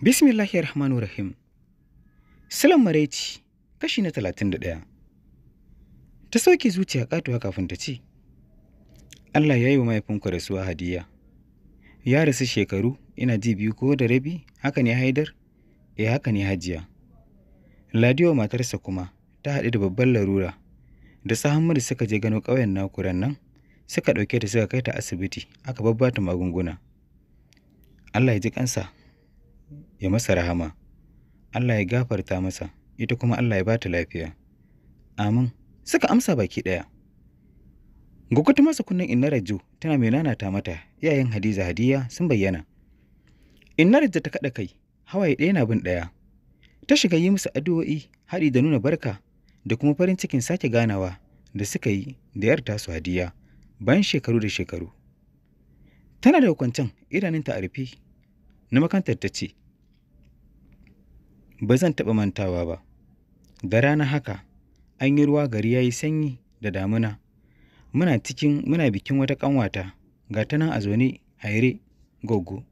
bismillahi rahmanu Rahim. Silan Maraici, kashi na talatin da ɗaya. Ta sauke zuciya katuwa kafin ta ce, Allah ya yi wa mahaifinku rasuwa hadiya. Ya rasu shekaru, ina ji biyu ko da rabi, haka ne haidar? E haka ne hajiya. Ladiyo matarsa kuma ta haɗu da babban larura. Da sahan da suka je gano ƙauyen nakuran nan, suka ɗauke ta suka kai ta asibiti, aka babbata magunguna. Allah ya ji kansa ya masa rahama Allah ya gafarta masa ita kuma Allah ya ba ta lafiya amin suka amsa baki ɗaya gukutu masa kunnen Inna Raju tana mai nanata mata yayin Hadiza Hadiya sun bayyana. Inna Raju ta kaɗa kai, hawaye ɗaya na bin ɗaya. Ta shiga yi musu addu'o'i haɗi da nuna barka da kuma farin cikin sake ganawa da suka yi da yar tasu Hadiya bayan shekaru da shekaru. Tana da kwancen idanunta a rufe na makantar ta ce, ba zan taɓa mantawa ba da rana haka an yi ruwa gari ya yi sanyi da damuna muna cikin muna bikin wata ƙanwata ga ta nan a zaune haire goggo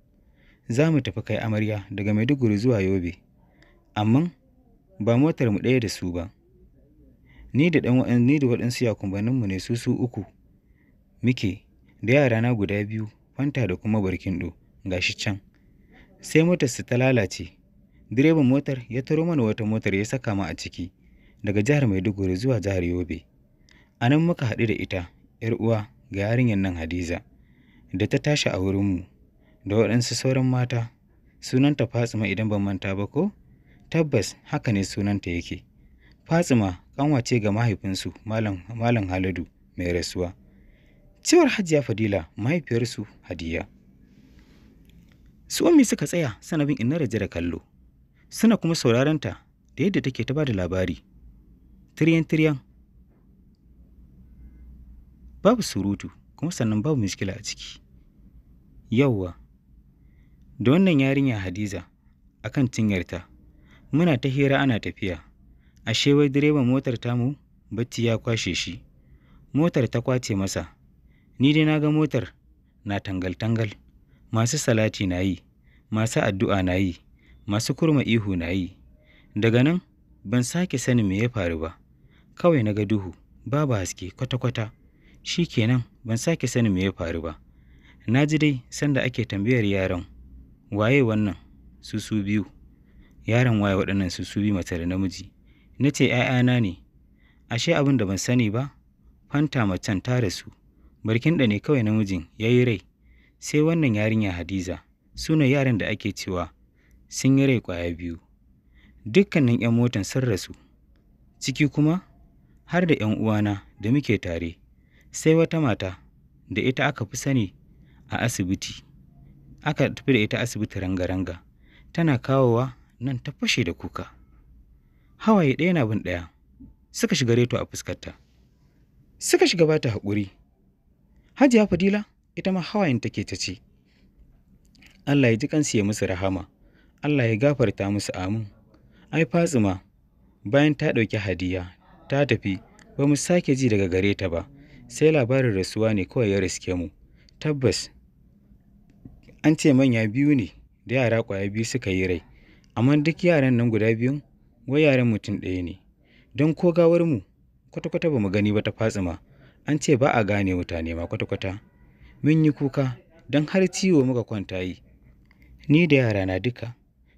za mu tafi kai amarya daga maiduguri zuwa yobe amma ba motar mu ɗaya da su ba ni da waɗansu yakumbaninmu ne su su uku muke da yarana guda biyu fanta da kuma barkindo gashi can sai motar su ta lalace direban motar ya taro mana wata motar ya saka mu a ciki daga jihar maiduguri zuwa jihar yobe Anan muka haɗu da ita yar uwa ga yarinyar nan hadiza da ta tashi a wurinmu da waɗansu sauran mata sunanta fatsima idan ban manta ba ko tabbas haka ne sunanta yake fatsima ƙanwace ga mahaifinsu malam, haladu mai rasuwa cewar hajiya fadila mahaifiyarsu hadiya su suka tsaya sanabin inna da kallo suna kuma sauraron ta da yadda take ta bada labari tiryan tiryan babu surutu kuma sannan babu miskila a ciki yauwa da wannan yarinya hadiza a kan cinyarta muna ta hira ana tafiya ashe wai direban motar ta mu. bacci ya kwashe shi motar ta kwace masa ni dai na ga motar na tangal-tangal masu salati na yi masu addu'a na yi masu kurma ihu na yi daga nan ban sake sanin me ya faru ba kawai na ga duhu babu haske kwata-kwata shi kenan ban sake sanin me ya faru ba na ji dai sanda ake tambayar yaron waye wannan Susu biyu yaron waye waɗannan susu biyu mace da namiji na ce ‘ya'yana ne ashe abin da ban sani ba fanta macen ta rasu barkin da ne kawai namijin ya yi rai sai wannan yarinya hadiza sunan yaran da ake cewa sun yi rai ƙwaya biyu, dukkanin 'yan motan sun rasu, ciki kuma har da 'yan uwana da muke tare, sai wata mata da ita aka fi sani a asibiti, aka tafi da ita asibiti ranga-ranga, tana kawowa nan ta fashe da kuka. Hawaye ɗaya na bin ɗaya, suka shiga reto a fuskarta. Suka shiga bata haƙuri. Hajiya Fadila ita ma hawayen take ta ce, Allah ya ji kansu ya musu rahama. Allah ya gafarta musu amin. Ai Fatsima bayan ta ɗauki hadiya ta tafi ba mu sake ji daga gare ta ba sai labarin rasuwa ne kawai ya riske mu. Tabbas an ce manya biyu ne da yara kwaya biyu suka yi rai amma duk yaran nan guda biyu, wai yaran mutum ɗaya ne don ko gawar mu kwata-kwata ba mu gani ba ta Fatsima an ce ba a gane mutane ma kwata-kwata. Mun yi kuka don har ciwo muka kwanta yi. Ni da yara na duka.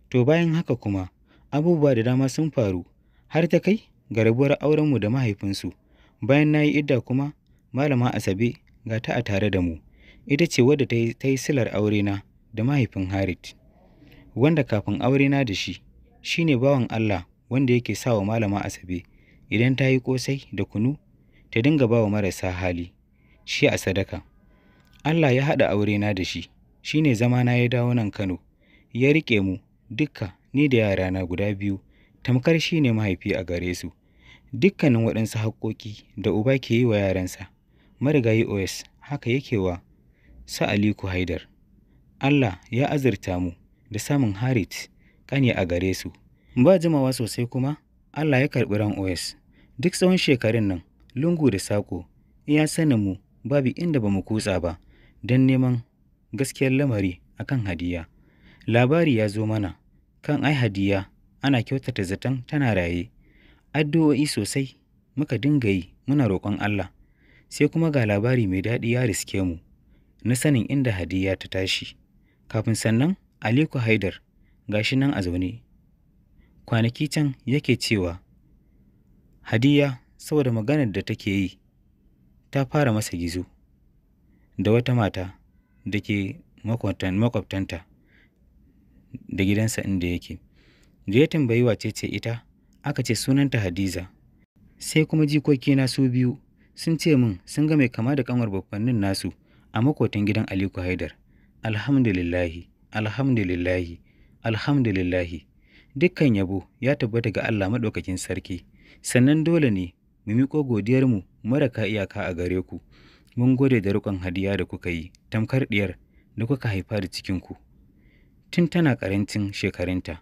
To bayan haka kuma, abubuwa da dama sun faru, har ta kai ga rabuwar aurenmu da mahaifinsu. Bayan na yi idda kuma, Malama Asabe ga ta a tare da mu. Ita ce wadda ta yi silar aurena da mahaifin Harit, wanda kafin aurena da shi, shi ne bawan Allah wanda yake sa wa Malama Asabe idan ta yi ƙosai da kunu, ta dinga ba wa marasa hali, shi a sadaka. Allah ya haɗa aure na da shi, shi ne na ya dawo nan Kano, ya riƙe mu dukka ni da yarana guda biyu tamkar shi ne mahaifi a gare su dukkanin waɗansu haƙoƙi da uba ke yi wa yaransa marigayi os haka yake wa sa aliku haidar allah ya azurta mu da samun harit ƙani a gare su ba jimawa sosai kuma allah ya karɓi ran os duk tsawon shekarun nan lungu da saƙo ya sanin mu babu inda ba mu kutsa ba don neman gaskiyar lamari akan hadiya labari ya zo mana kan ai hadiya ana kyautata zaton tana raye addu'o'i sosai muka dinga yi muna roƙon Allah sai kuma ga labari mai daɗi ya riske mu na sanin inda hadiya ta tashi kafin sannan Aliku Haidar gashi nan a zaune kwanaki can yake cewa hadiya saboda maganar da take yi ta fara masa gizo da wata mata da ke makwabtanta da gidansa inda yake. Da ya tambayi wace ce ita, aka ce sunanta Hadiza. Sai kuma jikoki na su biyu sun ce min sun ga mai kama da kanwar babbannin nasu a makotan gidan Aliko Haidar. Alhamdulillahi, alhamdulillahi, alhamdulillahi. Dukkan yabo ya tabbata ga Allah maɗaukakin sarki, sannan dole ne mu miƙo godiyarmu mara ka iyaka a gare ku. Mun gode da riƙon hadiya da kuka yi, tamkar ɗiyar da kuka haifa da cikinku. tun tana ƙarancin shekarunta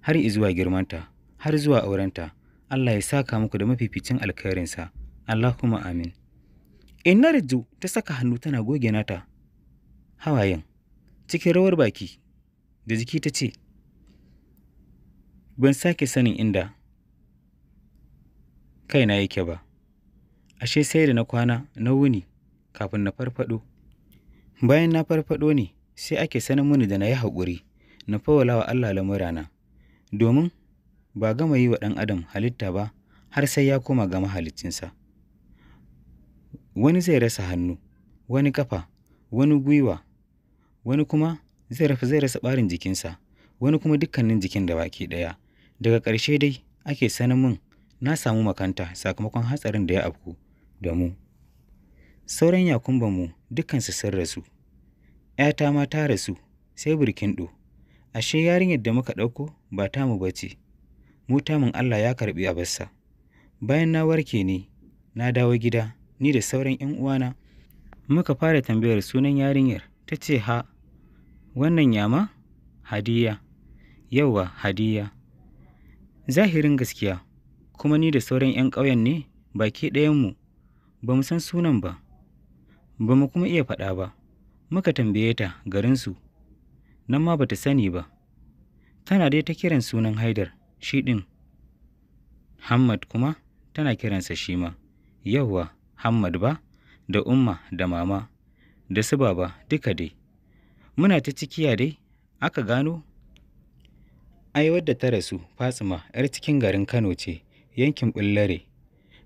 har zuwa girmanta har zuwa aurenta Allah ya saka muku da mafificin alkhairinsa Allahumma amin Inna rijo ta saka hannu tana goge nata hawayen cikin rawar baki da jiki ta ce ban sake sanin inda kaina yake ba ashe sai da na kwana na wuni kafin na farfado bayan na farfado ne sai ake sanin mini da na yi haƙuri na fawala wa Allah lamurana domin ba gama yi wa ɗan adam halitta ba har sai ya koma gama mahalicinsa wani zai rasa hannu wani kafa wani gwiwa wani kuma zai rasa zai rasa ɓarin jikinsa wani kuma dukkanin jikin da baki ɗaya daga ƙarshe dai ake sanin min na samu makanta sakamakon hatsarin da ya afku da mu sauran mu dukkansu sun rasu ‘yata ma ta rasu, sai ɗo. ashe yarinyar da muka ɗauko ba ta mu ce, mu tamun Allah ya karɓi a bassa. Bayan na warke ne, na dawo gida, ni da sauran ‘yan uwana. Muka fara tambayar sunan yarinyar, ta ce ha, wannan yama? Hadiya. Yauwa, Hadiya. Zahirin gaskiya, kuma ni da sauran ‘yan ƙauyen ne, baki ɗayanmu, ba mu san sunan ba, ba mu kuma iya faɗa ba. Muka tambaye ta garinsu, nan ma bata sani ba. Tana dai ta kiran sunan Haidar, shi ɗin. Hammad kuma tana kiransa shi ma. Yawwa, Hammad ba, da Umma da Mama, da su Baba duka dai. Muna ta cikiya dai, aka gano? Ai, wadda ta rasu Fatsima, 'yar cikin garin Kano ce, yankin Bullare.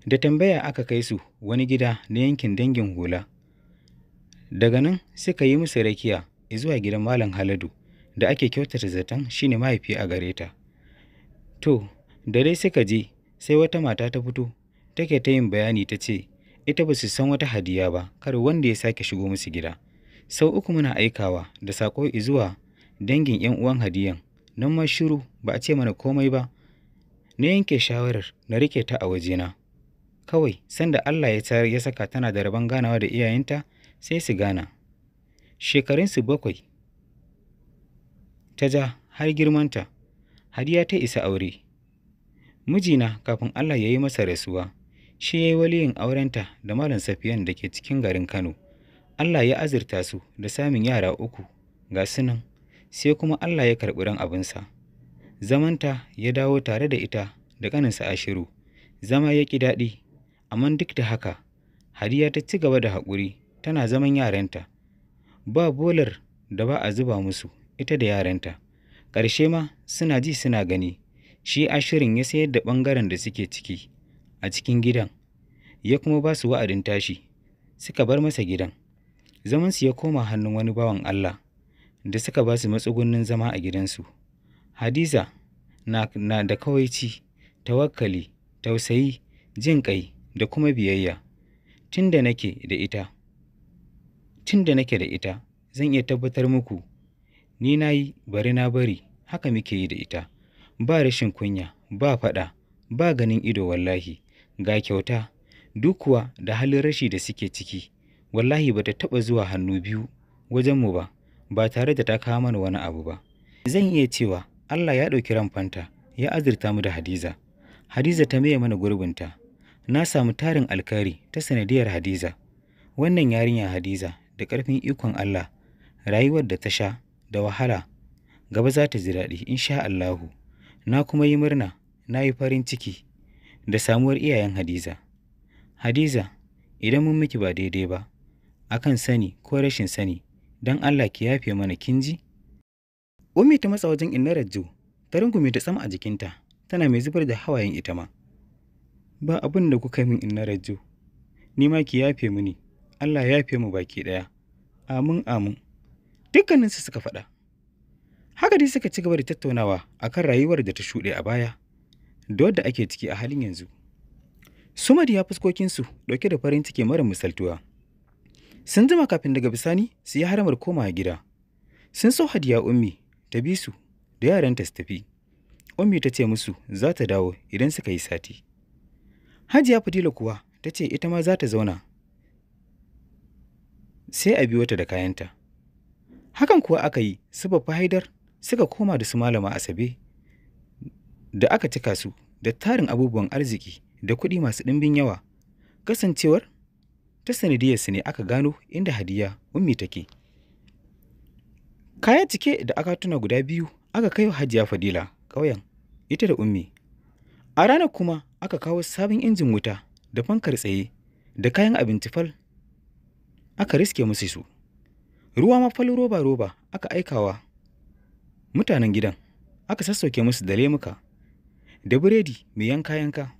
Da tambaya aka kai su wani gida na yankin dangin hula. daga nan suka yi musu rakiya zuwa gidan malam haladu da ake kyautata zaton shine mahaifi a gare ta to da dai suka je sai wata mata ta fito take ta yin bayani ta ce ita ba su san wata hadiya ba kar wanda ya sake shigo musu gida sau uku muna aikawa da saƙo zuwa dangin yan uwan hadiyan nan ma shiru ba a ce mana komai ba na yanke shawarar na rike ta a wajena kawai sanda Allah ya saka tana da rabon ganawa da iyayenta sai su gana shekarunsu bakwai ta ja har girmanta hadiya ta isa aure mijina kafin allah ya yi masa rasuwa shi ya yi waliyin aurenta da malam safiyan da ke cikin garin kano allah ya azurta su da samun yara uku ga sunan sai kuma allah ya karɓi ran abinsa zamanta ya dawo tare da ita da ƙaninsa ashiru zama ya ƙi daɗi amma duk da haka hadiya ta ci gaba da haƙuri tana zaman yaranta ba bolar da ba a zuba musu ita da yaranta ƙarshe ma suna ji suna gani shi ashirin ya sayar da ɓangaren da suke ciki a cikin gidan ya kuma ba su wa'adin tashi suka bar masa gidan zaman su ya koma hannun wani bawan Allah da suka ba su matsugunnin zama a gidansu hadiza na, na da kawaici tawakkali tausayi jin ƙai da kuma biyayya tun da nake da ita tun da nake da ita zan iya tabbatar muku ni na yi bari na bari haka muke yi da ita ba rashin kunya ba faɗa ba ganin ido wallahi ga kyauta duk kuwa da halin rashi da suke ciki wallahi ba ta taɓa zuwa hannu biyu wajenmu ba ba tare da ta kawo mana wani abu ba zan iya cewa Allah ya ɗauki ran fanta ya azurta mu da Hadiza Hadiza ta maye mana gurbinta na samu tarin alkari ta sanadiyar Hadiza wannan yarinya Hadiza da ƙarfin ikon Allah rayuwar da ta sha da wahala gaba za ta ji daɗi insha Allahu na kuma yi murna na yi farin ciki da samuwar iyayen Hadiza Hadiza idan mun miki ba daidai ba akan sani ko rashin sani don Allah ki yafe mana kin ji Ummi ta matsa wajen inna Rajju ta rungume ta sama a jikinta tana mai zubar da hawayen ita ma ba abin da kuka min inna Rajju ni ma ki yafe mini Allah ya yafe mu baki ɗaya. Amin amin. Dukkaninsu suka faɗa. Haka dai suka ci gaba da tattaunawa akan rayuwar da ta shuɗe a baya, da wadda ake ciki a halin yanzu. Sumadi ya fuskokinsu ɗauke da farin ciki mara misaltuwa. Sun jima kafin daga bisani su yi haramar koma gida. Sun so hadiya ummi ta bi su da yaranta su tafi. Ummi ta ce musu za ta dawo idan suka yi sati. Hajiya Fadila kuwa ta ce ita ma za ta zauna sai a biyo ta da kayanta. Hakan kuwa aka yi, su babba haidar suka koma da su malama asabe da aka cika su da tarin abubuwan arziki da kuɗi masu ɗimbin yawa. Kasancewar ta sanadiyar su ne aka gano inda hadiya ummi take. Kaya cike da aka tuna guda biyu aka kai hajiya fadila ƙauyen ita da ummi. A ranar kuma aka kawo sabon injin wuta da fankar tsaye da kayan abinci fal aka riske musu su ruwa mafal roba-roba aka aikawa mutanen gidan aka sassauke musu da lemuka da biredi mai yanka-yanka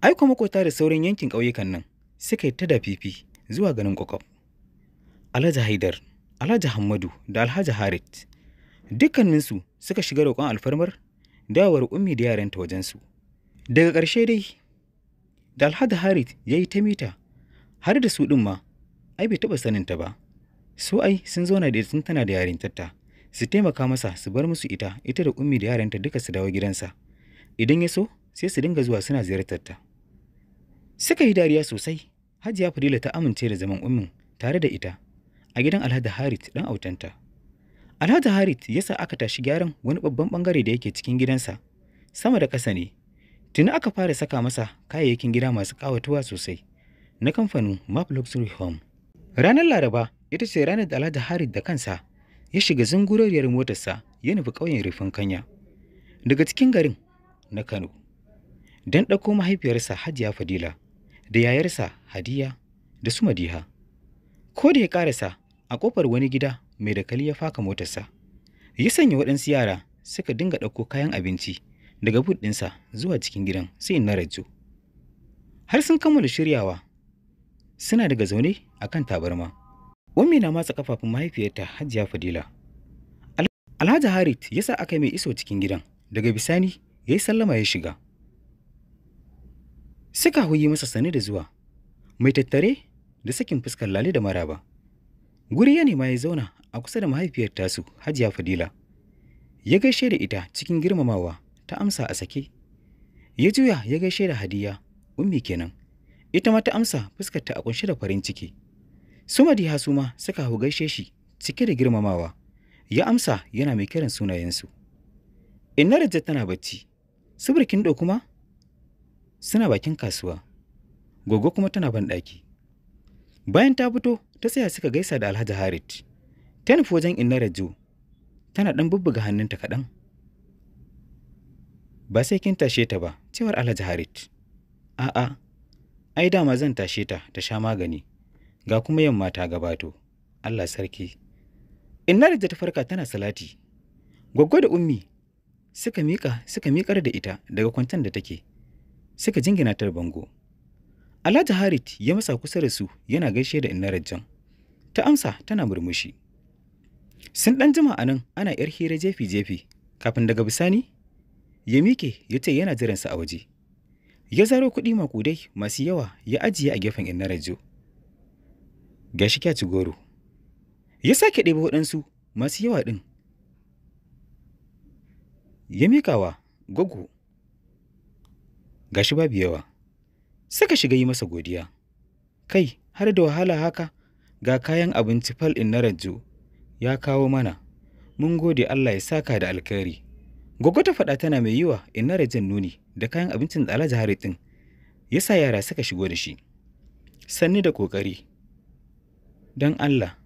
aiko makota da sauran yankin ƙauyukan nan suka yi ta da fifi zuwa ganin kokof alhaji haidar alhaji hammadu da alhaji harit dukkaninsu suka shiga roƙon alfarmar dawar ummi da yaranta wajensu daga ƙarshe dai da alhaji harit ya yi ta mita har da su ɗin ma ai bai taɓa ta ba su ai sun zauna da sun tana da yarintarta su taimaka masa su bar musu ita ita da ummi da yaranta duka su dawo gidansa idan ya so sai su dinga zuwa suna ziyartarta suka yi dariya sosai hajiya fadila ta amince da zaman ummin tare da ita a gidan alhaji harit dan autanta alhaji harit ya sa aka tashi gyaran wani babban bangare da yake cikin gidansa sama da ƙasa ne tuni aka fara saka masa kayayyakin gida masu ƙawatuwa sosai na kamfanin Map Luxury Home. Ranar Laraba ita ce ranar da Alhaji Harid da kansa ya shiga zungurariyar motarsa ya nufi ƙauyen Rufin Kanya daga cikin garin na Kano don ɗauko mahaifiyarsa Hajiya Fadila da yayarsa Hadiya da su Madiha. Ko da ya ƙarasa a ƙofar wani gida mai dakali ya faka motarsa, ya sanya waɗansu yara suka dinga ɗauko kayan abinci daga bud ɗinsa zuwa cikin gidan sai na rajo. Har sun kammala shiryawa suna daga zaune a kan tabarma. Ummi na matsa kafafun mahaifiyarta Hajiya Fadila. Alhaji Harit ya sa aka mai iso cikin gidan, daga bisani ya yi sallama ya shiga. Suka huyi masa sani da zuwa, mai tattare da sakin fuskar lale da maraba. Guri ya nema ya zauna a kusa da mahaifiyar tasu Hajiya Fadila. Ya gaishe da ita cikin girmamawa ta amsa a sake. Ya juya ya gaishe da Hadiya, ummi kenan. ita ma ta amsa fuskar ta a kunshe da farin ciki sumadi suma suka hau gaishe shi cike da girmamawa ya amsa yana mai kiran sunayensu inna da tana bacci Subrikin ɗo kuma suna bakin kasuwa gogo kuma tana banɗaki bayan ta fito ta tsaya suka gaisa da alhaji harit ta nufi wajen inna rajo tana ɗan bubbuga hannunta kaɗan ba sai kin tashe ta ba cewar alhaji harit a'a ai dama zan tashe ta ta sha magani ga kuma yamma ta gabato Allah sarki inna da ta farka tana salati gwaggo da ummi suka mika suka mikar da ita daga kwantan da take suka jingina ta bango Alhaji Harit ya masa kusa da su yana gaishe da inna Rajjan ta amsa tana murmushi sun dan jima anan ana yar hira jefi jefi kafin daga bisani ya mike ya ce yana jiransa a waje ya zaro kuɗi makudai masu yawa ya ajiye a gefen inna rajo ga shi kyaci goro ya sake ɗebo waɗansu masu yawa ɗin ya miƙawa gogo. ga shi babu yawa saka shiga yi masa godiya kai har da wahala haka ga kayan abinci fal in na rajo ya kawo mana mun gode allah ya saka da alkhairi Gwaggo ta faɗa tana mai yiwa na rajin nuni da kayan abincin da Alhaji ɗin ya sa yara suka shigo da shi. Sanni da ƙoƙari. Don Allah,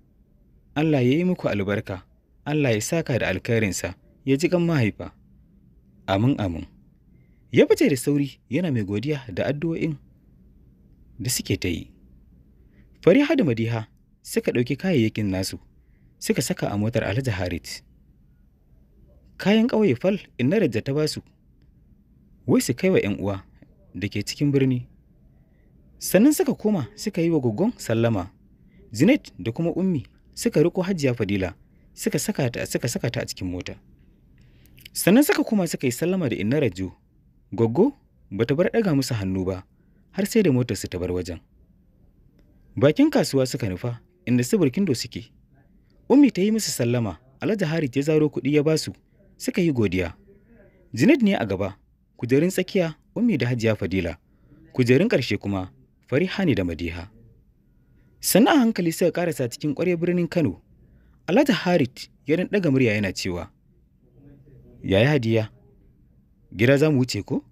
Allah ya yi muku albarka, Allah ya saka da alkhairinsa, ya ji kan mahaifa. Amin amin. Ya fice da sauri yana mai godiya da addu'o'in da suke ta yi. Fariha da Madiha suka ɗauki kayayyakin nasu, suka saka a motar Alhaji Harit. kayan ƙauye fal inna na rajja ta basu wai su kai wa 'yan uwa da ke cikin birni sannan suka koma suka yi wa goggon sallama zinet da kuma ummi suka riko hajiya fadila suka saka ta a cikin mota sannan suka koma suka yi sallama da inna rajo goggo ta bar ɗaga musu hannu ba har sai da motar su ta bar wajen bakin kasuwa suka nufa inda su burkindo suke ummi ta yi musu sallama alhaji harit ya zaro kuɗi ya basu suka yi godiya Zinad ne a gaba kujerun tsakiya ummi da hajiya fadila kujerun ƙarshe kuma Farihani hani da madiha sannan a hankali suka karasa cikin ƙwarya birnin kano alhaji harit ya ɗan ɗaga murya yana cewa yaya hadiya gida za mu wuce ko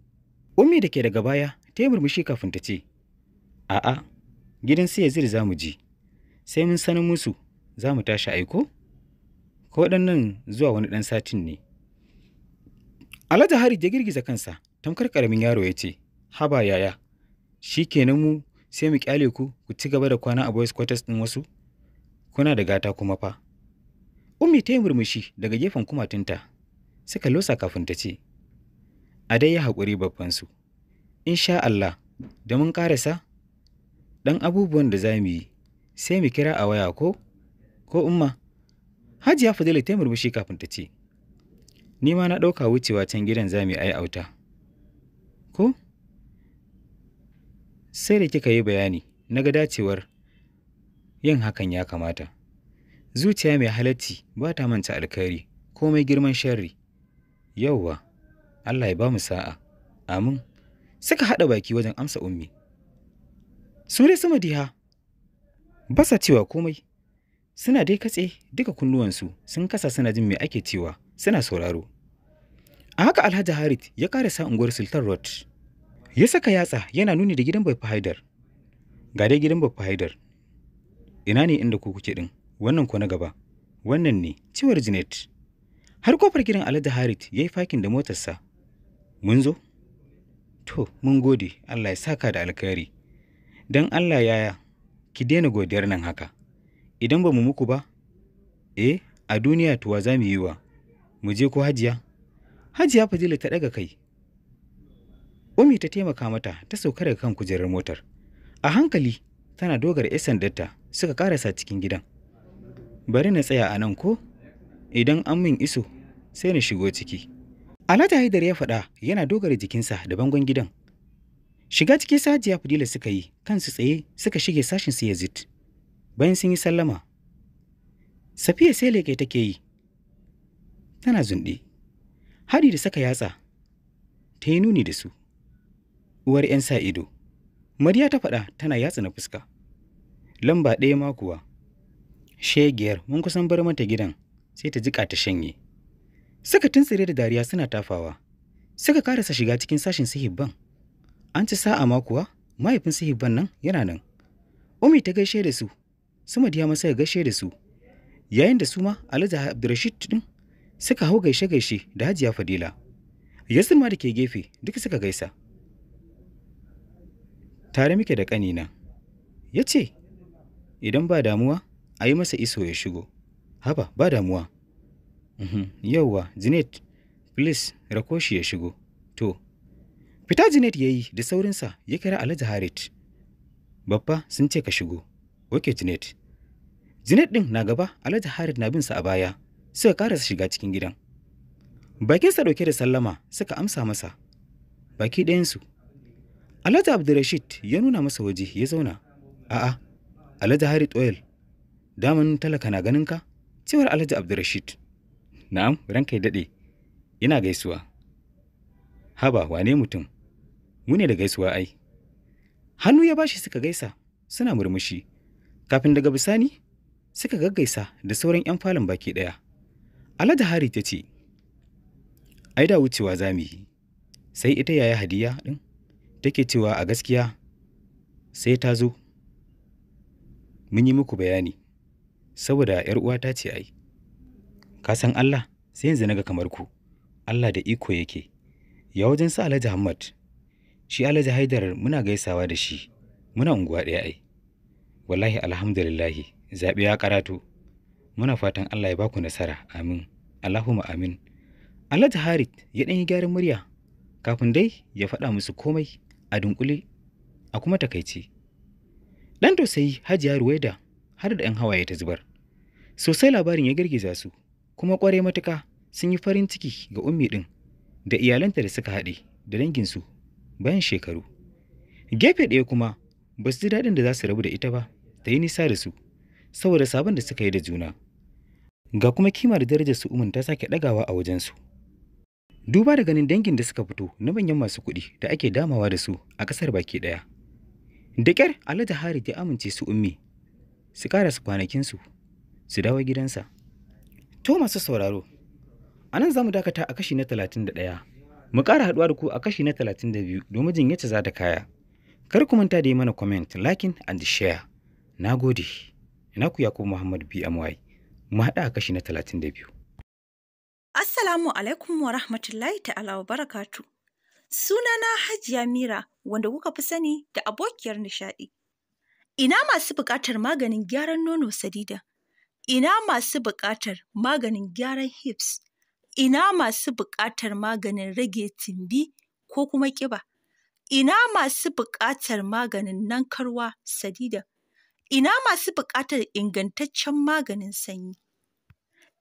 ummi da ke daga baya ta yi murmushi kafin ta ce a'a gidan su yazir za mu ji sai mun sanin musu za mu tashi aiko ko waɗannan zuwa wani ɗan satin ne Alhaji hari ya girgiza kansa, tamkar karamin yaro ya ce, Haba yaya, shi kenan mu sai mu kyale ku ku ci gaba da kwana a boys quarters ɗin wasu? Kuna da gata kuma fa. Ummi ta yi murmushi daga gefen kumatunta, suka losa kafin ta ce, A dai ya haƙuri babbansu, sha Allah, da mun ƙarasa, ɗan abubuwan da za mu yi, sai mu kira a waya ko? Ko umma? Hajiya Fadila ta yi murmushi kafin ta ce, Ni ma na ɗauka wucewa can gidan za mu yi auta. Ko? Sai da kika yi bayani, na ga dacewar yin hakan ya kamata. Zuciya mai halarci ba ta manta alkhairi, komai girman sharri. Yauwa, Allah ya ba mu sa'a. Amin. Suka haɗa baki wajen amsa ummi. Su dai sama diha, ba sa cewa komai. Suna dai katse duka kunnuwansu sun kasa suna jin mai ake cewa suna sauraro. A haka Alhaji Harith ya karasa unguwar Sultan Road. Ya saka yatsa yana nuni da gidan Baffa Haidar. Ga dai gidan Baffa Haidar. Ina ne inda ku kuke din? Wannan ko na gaba. Wannan ne ciwar Janet. Har kofar gidan Alhaji harit ya yi fakin da motarsa. Mun zo? To, mun gode, Allah ya saka da alkhairi. Don Allah yaya, ki daina godiyar nan haka. Idan ba mu muku ba, eh, a duniya tuwa za mu yi wa, mu je ko hajiya. hajiya fadila ta ɗaga kai umi ta taimaka mata ta sauka daga kan kujerar motar a hankali tana dogara 'yan sandarta suka karasa cikin gidan bari na tsaya a nan ko idan an min iso sai na shigo ciki alhaji haidar ya faɗa yana dogara jikinsa da bangon gidan shiga cikin Hajiya fadila suka yi kansu tsaye suka shige sashin su yazid bayan sun yi sallama safiya sai leke take yi tana zunɗi. Hadi da saka yatsa, ta yi nuni da su. Uwar 'yan sa ido, Mariya ta faɗa tana yatsa na fuska. Lamba ɗaya ma kuwa, shegiyar mun kusan bar mata gidan sai ta jika ta shanye. tun tuntsire da dariya suna tafawa, Saka karasa shiga cikin sashin sihibban. An ci sa'a ma kuwa, mahaifin sihibban nan yana nan. Umi ta gaishe da su, su Madiya masa ya gaishe da su, yayin da su ma Alhaji abdulrashid din suka hau gaishe-gaishe da hajiya fadila yasir ma da ke gefe duk suka gaisa tare muke da ƙanina ya ce idan ba damuwa a yi masa iso ya shigo haba ba damuwa yauwa zinet please rakoshi ya shigo to fita jinet ya yi da saurinsa ya kira alhaji harit babba sun ce ka shigo oke jinet zinet ɗin na gaba alhaji harit na binsa a baya suka karasa shiga cikin gidan bakinsa ɗauke da sallama suka amsa masa baki ɗayansu alhaji abdulrashid ya nuna masa waje ya zauna a'a alhaji harit oil daman talaka na ganin ka cewar alhaji abdulrashid na'am ranka ya daɗe ina gaisuwa haba wane mutum mu ne da gaisuwa ai hannu ya bashi suka gaisa suna murmushi kafin daga bisani suka gaggaisa da sauran 'yan falon baki ɗaya Alhaji Hari ta ce, Ai da wucewa za mu yi, sai ita yaya hadiya ɗin take cewa a gaskiya sai ta zo. Mun yi muku bayani, saboda ‘yar uwa ta ce ai, ka san Allah sai yanzu naga kamar ku, Allah da iko yake, ya wajen sa Alhaji Ahmad, shi Alhaji Haidar muna gaisawa da shi, muna unguwa ɗaya ai. Wallahi alhamdulillahi, zaɓe ya karatu. muna fatan Allah ya baku nasara amin Allahumma amin Alhaji Harit ya dan yi gyaran murya kafin dai ya faɗa musu komai a dunkule a kuma takaici ɗan tausayi Hajiya Ruwaida har da 'yan hawaye ta zubar sosai labarin ya girgiza su kuma ƙwarai matuka sun yi farin ciki ga ummi ɗin da iyalanta da suka haɗe da danginsu bayan shekaru gefe ɗaya kuma ba su ji daɗin da za su rabu da ita ba ta yi nisa da su saboda sabon da suka yi da juna ga kuma kimar darajar su umun ta sake ɗagawa a wajen su. Duba da ganin dangin da suka fito na manyan masu kuɗi da ake damawa da su a ƙasar baki ɗaya. Da ƙyar Alhaji Harit ya amince su ummi su su kwanakinsu su dawo gidansa. To masu sauraro, a nan za mu dakata a kashi na talatin da ɗaya. Mu ƙara haɗuwa da ku a kashi na talatin da biyu domin jin yace za ta kaya. Kar ku manta da yi mana comment, liking and share. Na gode. Naku Yakubu Muhammad BMY. mu haɗa a kashi na talatin da biyu. Assalamu alaikum wa rahmatullahi ta'ala wa barakatu. Sunana Hajiya Mira wanda kuka fi sani da abokiyar nishaɗi. Ina masu buƙatar maganin gyaran nono sadida. Ina masu buƙatar maganin gyaran hips. Ina masu buƙatar maganin rage tumbi ko kuma ƙiba. Ina masu buƙatar maganin nankarwa sadida. Ina masu buƙatar ingantaccen maganin sanyi.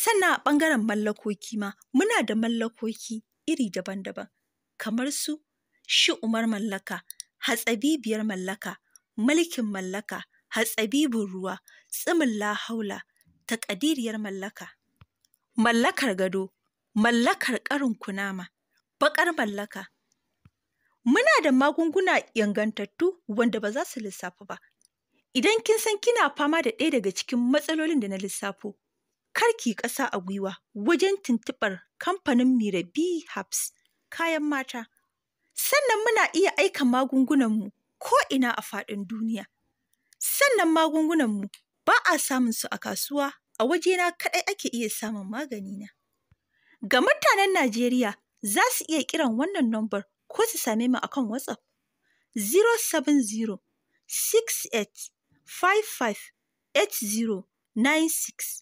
Sannan a ɓangaren mallakoki ma muna da mallakoki iri daban-daban kamar su shi umar mallaka, hatsabibiyar mallaka, mulkin mallaka, hatsabibin ruwa, tsimin lahaula, takadiriyar mallaka. Mallakar gado, mallakar ƙarin kunama, baƙar mallaka. Muna da magunguna yangantattu wanda ba za su lissafu ba. Idan kin san kina fama da ɗaya daga cikin matsalolin da na lissafo, karki ƙasa a gwiwa wajen tuntuɓar kamfanin Mirabi habs kayan mata. Sannan muna iya aika magungunanmu ko ina a faɗin duniya. Sannan magungunanmu ba a samun su a kasuwa a wajena kaɗai ake iya samun magani na Ga mutanen Najeriya za su iya kiran wannan nombar ko su same mu akan WhatsApp 070 68 55 six.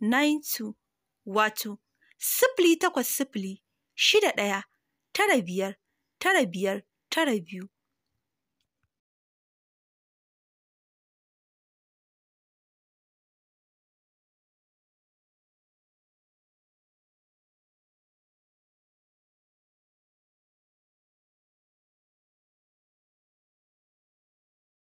n2 wato sifili takwas sifili shida ɗaya tara biyar tara biyar tara biyu.